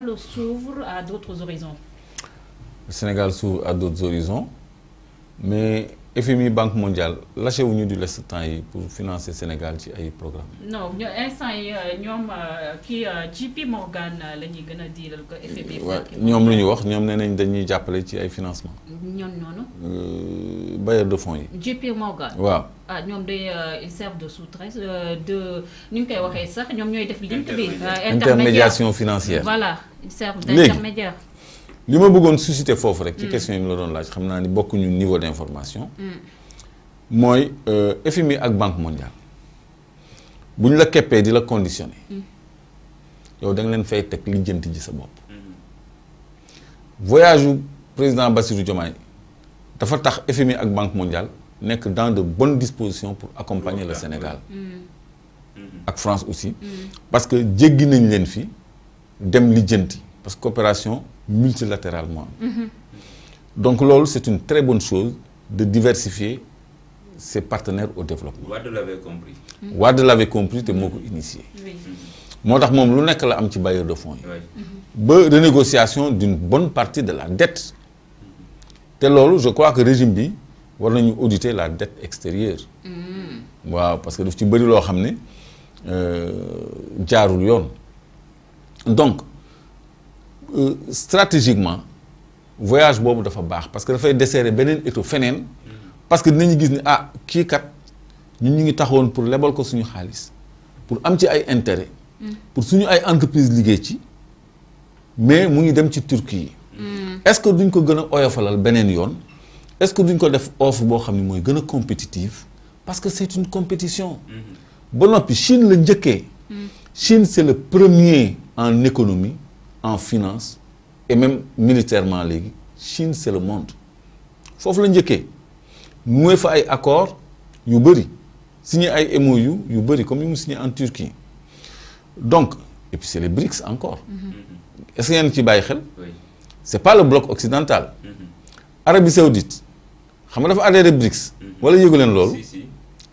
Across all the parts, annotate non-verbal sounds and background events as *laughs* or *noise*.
Le s'ouvre à d'autres horizons. Le Sénégal s'ouvre à d'autres horizons, mais FMI Banque mondiale lâché wu ñu di les temps yi pour financer Sénégal ci ay programme non ñoo instant yi euh, ñoom euh, kii euh, JP Morgan la ñuy gën a ko FMI. waaw ñoom lu ñu wax ñoom nee dañuy jàppale ci ay financement Nous noonu. bailleur de fonds yi. JP Morgan. waaw ah ñoom day ils servent de sous-traitance de nous koy waxee sax ñoom ñooy def. link intermédiation financière voilà ils servent d'intermédiaire li ma bëggoon susciter rek. ci mm. question la doon laaj xam naa niveau d'information. Mm. Moi, euh, FMI ak Banque mondiale Si ñu la keppee la conditionné. Mm. yow da nga de fay teg Voyage ji sa bopp. Mm-hmm. voyage du président Bassirou Diomaye dafa tax FMI ak Banque mondiale nekk dans de bonnes dispositions pour accompagner le Sénégal. Mm-hmm. ak France aussi. parce que jéggi nañ leen fi dem lijjanti parce que coopération multilatéralement. Donc, c'est une très bonne chose de diversifier ses partenaires au développement. Wade l'avait compris. Mm l'avait compris, c'est moi initié. Moi, je suis un petit bailleur de fonds. Oui. renégociation d'une bonne partie de la dette. Et je crois que le régime bi, doit auditer la dette extérieure. Mm parce que le petit beaucoup l'a ramené. Donc, euh, stratégiquement voyage boobu dafa baax parce que dafay desserrer beneen étau feneen parce que dinañu gis ni ah kii kat ñun ñu ngi taxawoon pour lebal ko suñu xaalis pour am ci ay intérêt mm. pour suñu ay entreprise liggéey ci mais mu ngi dem ci Turquie mm. est-ce que duñ ko gën a oyofalal beneen yoon est-ce que duñ ko def offre boo xam ne mooy compétitive parce que c'est une compétition mm-hmm. Bon, Puis Chine le mm. Chine c'est le premier en économie en finance et même militairement la Chine c'est le monde Faut la njëkkee noué fa ay accord yu bëri signé ay MOU yu bëri comme yu signé en Turquie donc et puis c'est les BRICS encore mm-hmm. est-ce qu'il y que un ci bail xel c'est pas le bloc occidental mm-hmm. Arabie Saoudite xam nga dafa adhéré BRICS mm-hmm. wala yëgu leen loolu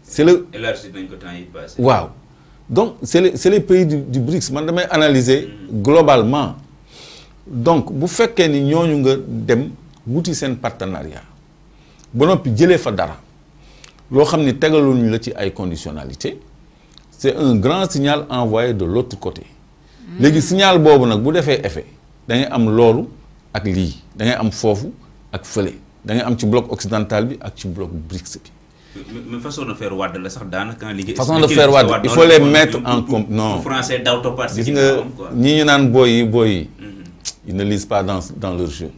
c'est le élargi nañ temps il passe. Waouh! Donc, c'est les, pays du, BRICS. Je vais analyser globalement. Donc, vous faites que nous avons un partenariat. Nous avons un partenariat. une conditionnalité. C'est un grand signal envoyé de l'autre côté. Hmm. Le signal, si vous fait effet, vous avez un ak am fofu ak am ci bloc occidental et ak bloc BRICS mais façon de faire Wade la sax daanaka liggéey. façon de faire Wade il faut les mettre en compte non français d'autopartie gis nga ñi ñu naan booy mm-hmm. ils ne lisent pas dans dans leur jeu.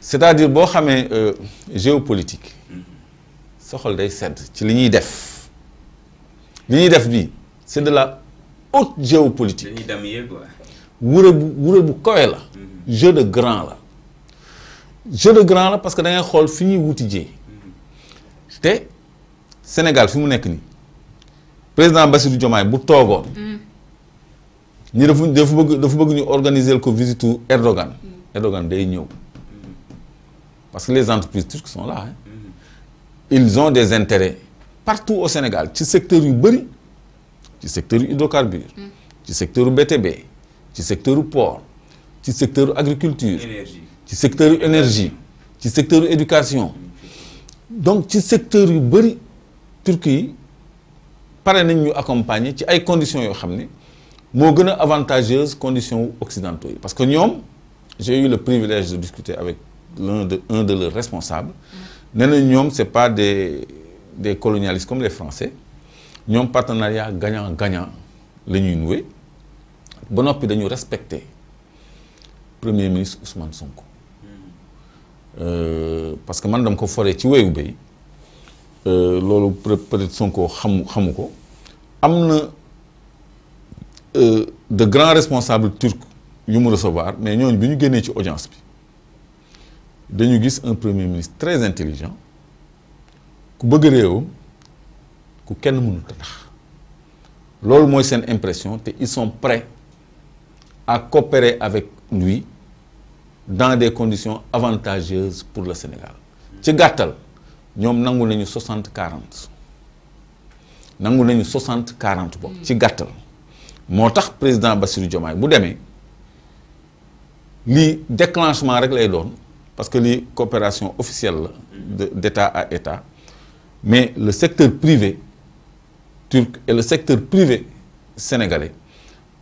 c'est-à-dire boo xamee euh, géopolitique. Mm-hmm. sa xol day sedd ci li ñuy def. li ñuy def bi c'est de la haute géopolitique. dañuy dem yéeg quoi. wure bu wure bu kawe la. Mm-hmm. jeu de grand la. jeu de grand parce que da ngay xool fi ñuy wuti jee. Sénégal fi mu président Bassirou Diomaye bu toogoon. ni dafa dafa bëgg dafa bëgg ñu organiser ko visite Erdogan. Mm. Erdogan day ñëw. Mm. parce que les entreprises turques sont là hein. mm. ils ont des intérêts partout au Sénégal ci secteur yu bari ci secteur du hydrocarbures. ci secteur du BTB ci secteur du port ci secteur agriculture. ci secteur énergie ci secteur éducation donc ci secteur du bari Turquie par nañ ñu accompagner ci des conditions yo xamné mo gëna avantageuse conditions occidentaux parce que nous, j'ai eu le privilège de discuter avec l'un de un de leurs responsables Nous, ñom c'est pas des colonialistes comme les Français un partenariat gagnant-gagnant lañuy noué ba dañu respecter premier ministre Ousmane Sonko euh, parce que man dama ko foré ci wéyu euh, loolu peut-être Sonko xamu xamu ko am na euh, de grands responsables turcs yu mu recevoir mais ñooñu bi ñu génnee ci audience bi dañu gis un premier ministre très intelligent ku bëgg réewam ku kenn mënut a tax loolu mooy seen impression te ils sont prêts à coopérer avec lui dans des conditions avantageuses pour le Sénégal ci gàttal. Nous avons nañu 40 Nous avons 60-40. quarante le ci président président Bassirou Diomaye bu Le déclenchement rek lay parce que une coopération officielle d'état à état mais le secteur privé turc et le secteur privé sénégalais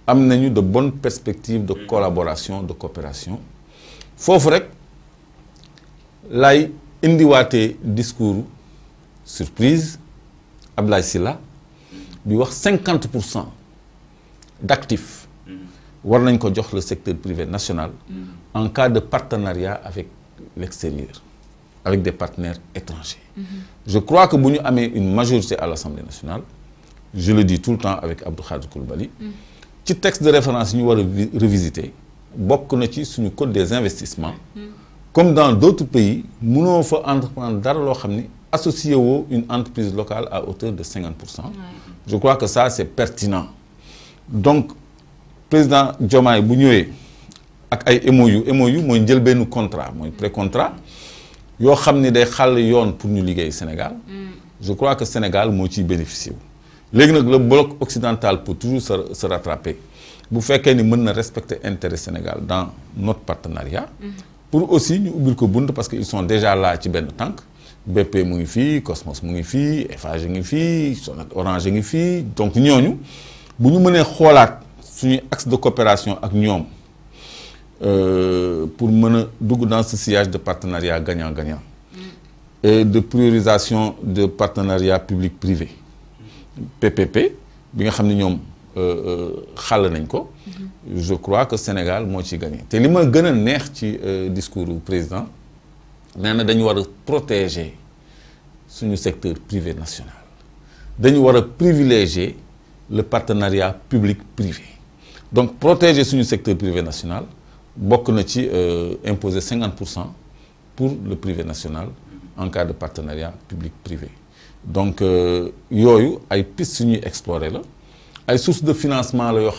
ont de bonnes perspectives de collaboration de coopération Il rek lay indiwaatee discours surprise Abdoulaye Silla bi wax 50% d'actifs, war nañ ko jox le secteur privé national mm. en cas de partenariat avec l'extérieur, avec des partenaires étrangers mm-hmm. je crois que si nous une majorité à l'Assemblée nationale je le dis tout le temps avec Abdou Khadr Koulibaly mm. ci texte de référence nous ñu wara a nous na ci suñu code des investissements mm-hmm comme dans d'autres pays avons fa entreprendre dara associer une entreprise locale à hauteur de 50%. je crois que ça c'est pertinent donc président Diomaye bu ñëwee ak ay MOU MOU contrat un pré-contrat Nous avons un day pour nous pour ñu Sénégal mm. je crois que le Sénégal est bénéficié. le bloc occidental peut toujours se rattraper bu faites que nous na respecter du Sénégal dans notre partenariat mm pour aussi ñu ubbil ko parce qu'ils sont déjà là à ben BP Cosmos Orange donc nous, nous, nous axe de coopération avec euh, nous pour nous, dans ce sillage de partenariat gagnant-gagnant mm. et de priorisation de partenariat public-privé PPP bi nga nous ko je crois que Sénégal moo ci gagné te li ma gën neex ci euh, discours du président nee na dañu protéger suñu secteur privé national dañu war privilégier le partenariat public privé donc protéger suñu secteur privé national bokk na euh, imposer 50 pour le privé national en cas de partenariat public privé donc euh, yooyu ay piste suñuy explorer la les sources de financement nous yoo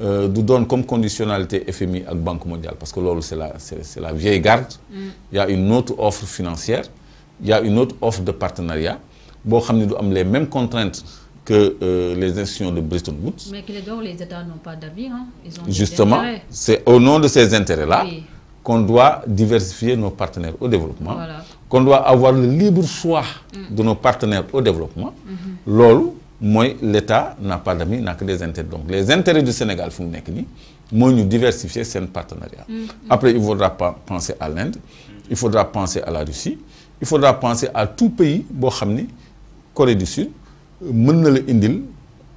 euh, comme conditionnalité FMI ak Banque mondiale parce que c'est la vieille garde mm. il y a une autre offre financière il y a une autre offre de partenariat Nous avons les mêmes contraintes que euh, les institutions de Bretton Woods. Mais que les, États n'ont pas d'avis. Hein. Justement, c'est au nom de ces intérêts-là qu'on doit diversifier nos partenaires au développement, qu'on doit avoir le libre choix mm. de nos partenaires au développement. Mm-hmm moi l'État n'a pas d'amis n'a que des intérêts donc les intérêts du Sénégal font mu moi nous diversifier ces partenariat mm, mm. après il faudra penser à l'Inde il faudra penser à la Russie il faudra penser à tout pays bo xamné Corée du Sud euh, mën na la indil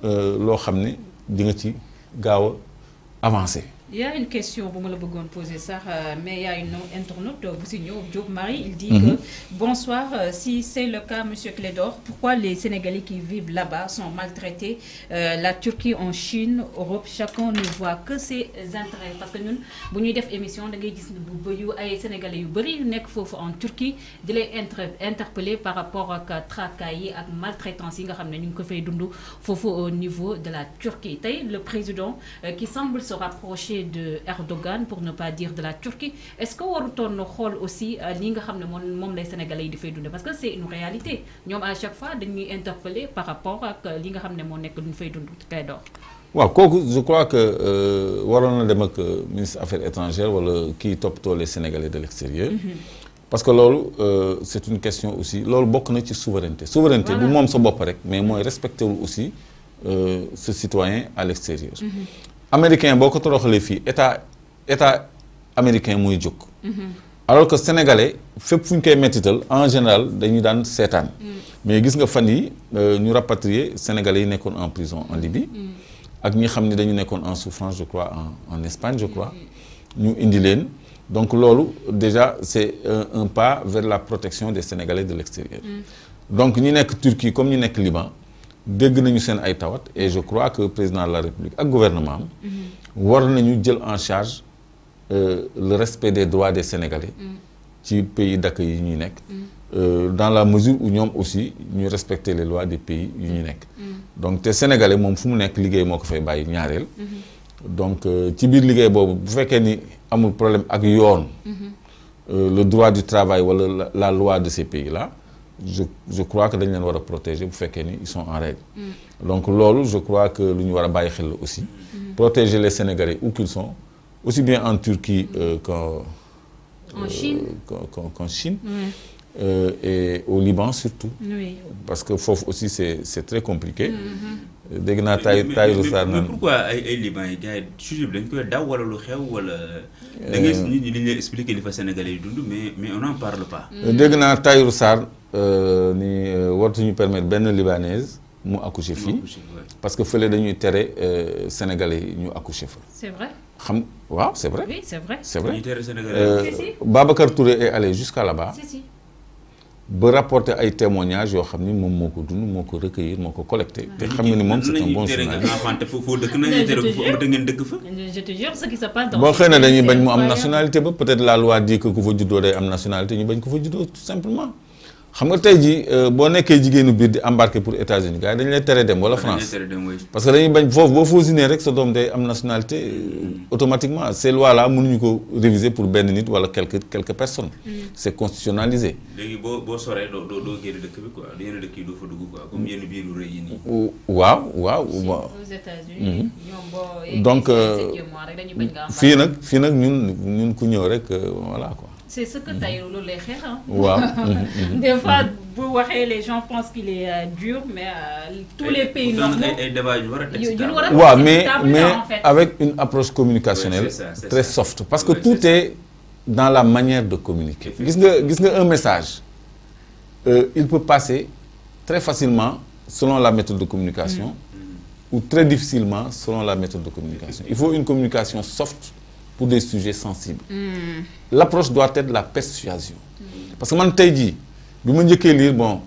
euh, loo xam di ci avancer il y a une question que je la poser euh, mais il y a une internaute euh, bu Diop Marie il dit mhm. que bonsoir euh, si c'est le cas monsieur Clédor pourquoi les Sénégalais qui vivent là-bas sont maltraités la Turquie en Chine Europe chacun ne voit que ses intérêts parce que nous avons fait une émission da ngay été ne bu les Sénégalais yu sont yu en Turquie ils sont interpeller par rapport la tracas et la maltraitance yi nga fait au niveau de la Turquie le président qui semble se rapprocher de Erdogan pour ne pas dire de la Turquie est-ce que retourne na aussi euh, li nga de ne sénégalais yi dafay dund parce que c'est une réalité ñom à chaque fois dañuy interpeller par rapport à euh, li nga xam ne nek fay dund je crois que euh, waron na dem ak ministre affaires étrangères wala kii tous les sénégalais de l'extérieur mhm. parce que c'est une question aussi lolu bokk na ci souveraineté souveraineté nous sommes sa bop rek mais moy respecter respecte aussi ce citoyen à l'extérieur mhm américain boko ko fi état état américain muy jóg. alors que sénégalais fépp fu ñu koy mettital en général dañuy daan seetaan. mais gis nga fan yi euh, ñu rapatrier sénégalais yi en prison en Libye. ak ñi xamni dañu nékkone en souffrance je crois en en Espagne je crois ñu indi len donc lolu déjà c'est un pas vers la protection des sénégalais de l'extérieur. donc ñi nek Turquie comme ñi nek Liban dégg nañu seen ay tawat et je crois que le président de la république le gouvernement war nañu en charge euh, le respect des droits des sénégalais. ci pays d'accueil yi euh, dans la mesure où ñoom aussi ñu respecter les lois des pays yu ñu nekk. donc les sénégalais moom fu mu nekk liggéey moo ko fay bàyyi ñaareel. donc euh, ci biir liggéey boobu bu fekkee ni amul problème ak yoon. Mhm. le droit du travail ou la loi de ces pays là je crois que les devons protéger pour faire qu'ils ils sont en règle. Mm. donc lolo, je crois que nous devons aussi. Mm-hmm. protéger les Sénégalais où qu'ils sont aussi bien en Turquie euh, euh, qu'en. Chine euh, et au Liban surtout. parce que Fof aussi c'est très compliqué. Mm-hmm dégg naa taay taayu naan pourquoi ay Libanais Liban yi gars yi sujet bi dañ koy daw wala lu xew wala. da ngay euh, nit ñi lay expliquer li fa Sénégalais yi dund mais mais on en parle pas. Euh, dégg naa Taïru Sarr euh, ni wartuñu permettre benn libanaise mu accoucher fii parce que fële dañuy tere Sénégalais yi ñu accoucher fa. c'est vrai. xam waaw c'est vrai. oui c'est vrai c'est vrai. dañuy tere Sénégalais yi. Babacar Touré est allé jusqu'à là-bas. si si ba rapporter ay témoignages yoo xam que moom moo ko dund recueillir moo ko collecté. Ah. te xam que c'est un bon journaliste. je te jure ce qui se passe. boo xëy na dañuy bañ a am nationalité peut-être la loi dit que vous fa juddoo am nationalité ñu bañ ko fa juddoo tout simplement xam nga tey jii euh, boo embarqué pour États-Unis gars yi lay France parce que dañuy bañ foofu boo rek nationalité euh, mm. automatiquement ces lois là ko réviser pour quelques personnes. Mm. C'est constitutionnalisé. léegi boo aux États-Unis. Mm-hmm. donc euh, ñun voilà quoi c'est ce que mhm. as les hein. *laughs* Mhm, mhm, des fois, vous voyez, les gens pensent qu'il est euh, dur, mais euh, tous les pays normaux. mais, mais avec une approche communicationnelle très soft. Parce que tout est, dans la manière de communiquer. Un message, euh, il peut passer très facilement selon la méthode de communication mm. ou très difficilement selon la méthode de communication. Il faut une communication soft pour des sujets sensibles. Hmm. L'approche doit être la persuasion. Parce que moi, je dit, je bon,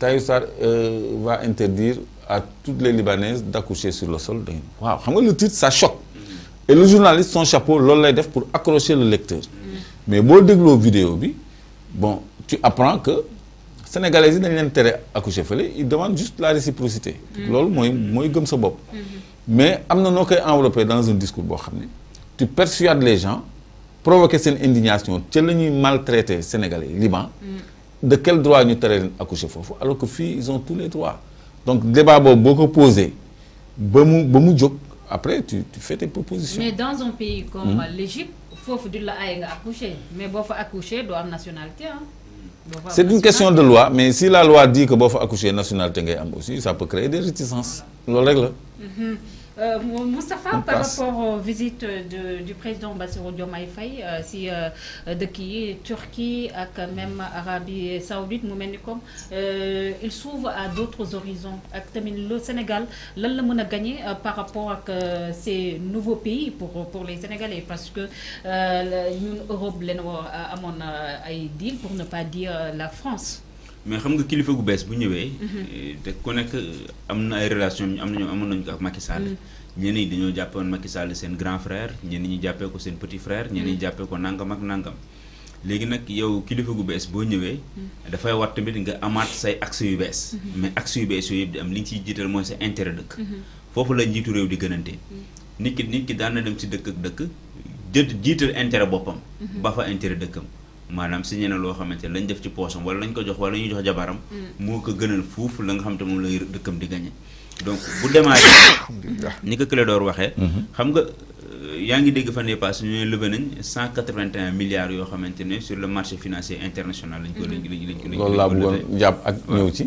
as euh, va interdire à toutes les Libanaises d'accoucher sur le sol. Wow. Le titre, ça choque. Et le journaliste, son chapeau, l'olé pour accrocher le lecteur. Hmm. Mais si tu la vidéo, bon, tu apprends que les Sénégalais n'ont intérêt à accoucher, Ils demandent juste la réciprocité. C'est ce que je Mais ils ont enveloppé dans un discours tu persuades les gens provoquer une indignation tu es maltraité sénégalais Liban mm. de quel droit nous tere accouché? accoucher alors que filles, ils ont tous les droits donc débat est beaucoup posé après tu fais tes propositions. mais dans un pays comme mm. l'Égypte Fofo du la a nga mais Bofo accouché accoucher doit nationalité hein. C'est une question de loi, mais si la loi dit que bof est nationalité aussi, ça peut créer des réticences. règle. Euh, Moustapha, par rapport aux visites du président Bassirou Diomaye Faye euh, si euh, de Turquie avec même Arabie Saoudite Moumenikom, euh, il s'ouvre à d'autres horizons le Sénégal là le monde a gagné par rapport à ces nouveaux pays pour pour les Sénégalais parce que euh, Europe leen à deal pour ne pas dire la France mais xam nga kilifa gu bees bu ñëwee. Mhm. Eh, te ku nekk eh, am na ay relation am nañu amoon nañu ko ak Macky Sall. Mhm. ñenn ñi dañoo jàppoon Macky Sall seen grand frère ñenn ñi jàppee ko seen petit frère. ñenn ñi mhm. jàppee ko nangam ak nangam. léegi nag yow kilifa gu bees boo ñëwee. dafay war tamit nga amaat say accès yu bees. mais accès yu bees yooyu yëpp di am li ñu ciy jiital mooy sa intérêt dëkk. foofu la njiitu réew di gënante. nit ki nit ki daan na dem si dëkk ak dëkk jë jiital intérêt boppam. ba fa intérêt dëkkam. maanaam signé na loo xamante ne lañ def ci poosam wala lañ ko jox wala ñu jox jabaram. Mm. moo ko gënal fuuf la nga xam te moom lay dëkkam di gagné. donc bu démarré *coughs* ni ko Clédor waxee. Mm-hmm. xam nga euh, yaa ngi dégg fan yii paase ñu ne levé nañ 181 yoo xamante ne sur le marché financier international. lañ ko mm-hmm. lañ ko lañ ko lañ ko loolu laa bëggoon jàpp ak ñëw ci.